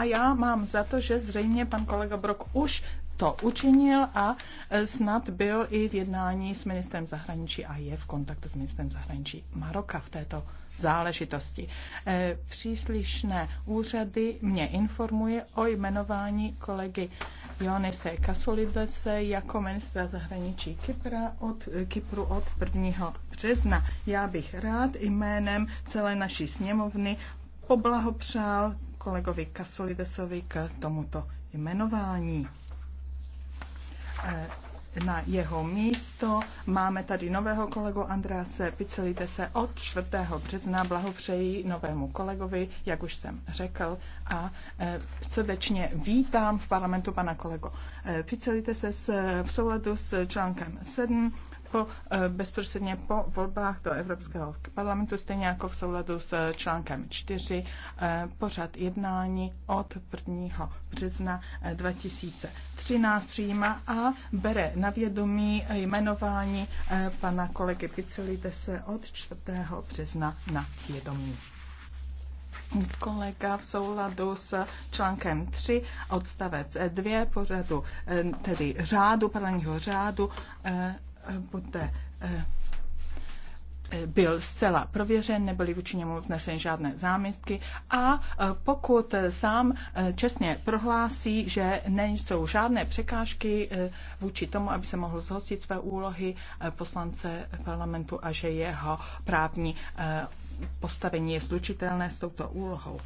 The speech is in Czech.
A já mám za to, že zřejmě pan kolega Brok už to učinil a e, snad byl i v jednání s ministrem zahraničí a je v kontaktu s ministrem zahraničí Maroka v této záležitosti. E, Příslišné úřady mě informuje o jmenování kolegy Ionise Kasolidese jako ministra zahraničí Kypra od, e, Kypru od 1. března. Já bych rád jménem celé naší sněmovny poblahopřál kolegovi Kasolidesovi k tomuto jmenování. Eh, na jeho místo máme tady nového kolegu Andráse se od 4. března. Blahopřeji novému kolegovi, jak už jsem řekl, a eh, srdečně vítám v parlamentu pana kolego eh, se v souladu s článkem 7 po, jako, eh, bezprostředně po volbách do Evropského parlamentu, stejně jako v souladu s eh, článkem 4, eh, pořad jednání od 1. března 2013 přijímá a bere na vědomí jmenování pana kolegy se od 4. března na vědomí kolega v souladu s článkem 3 odstavec 2 pořadu, tedy řádu, parlamentního řádu, poté eh, eh, byl zcela prověřen, nebyly vůči němu vzneseny žádné zámitky a eh, pokud sám čestně prohlásí, že nejsou žádné překážky vůči tomu, aby se mohl zhostit své úlohy poslance parlamentu a že jeho právní postavení je slučitelné s touto úlohou.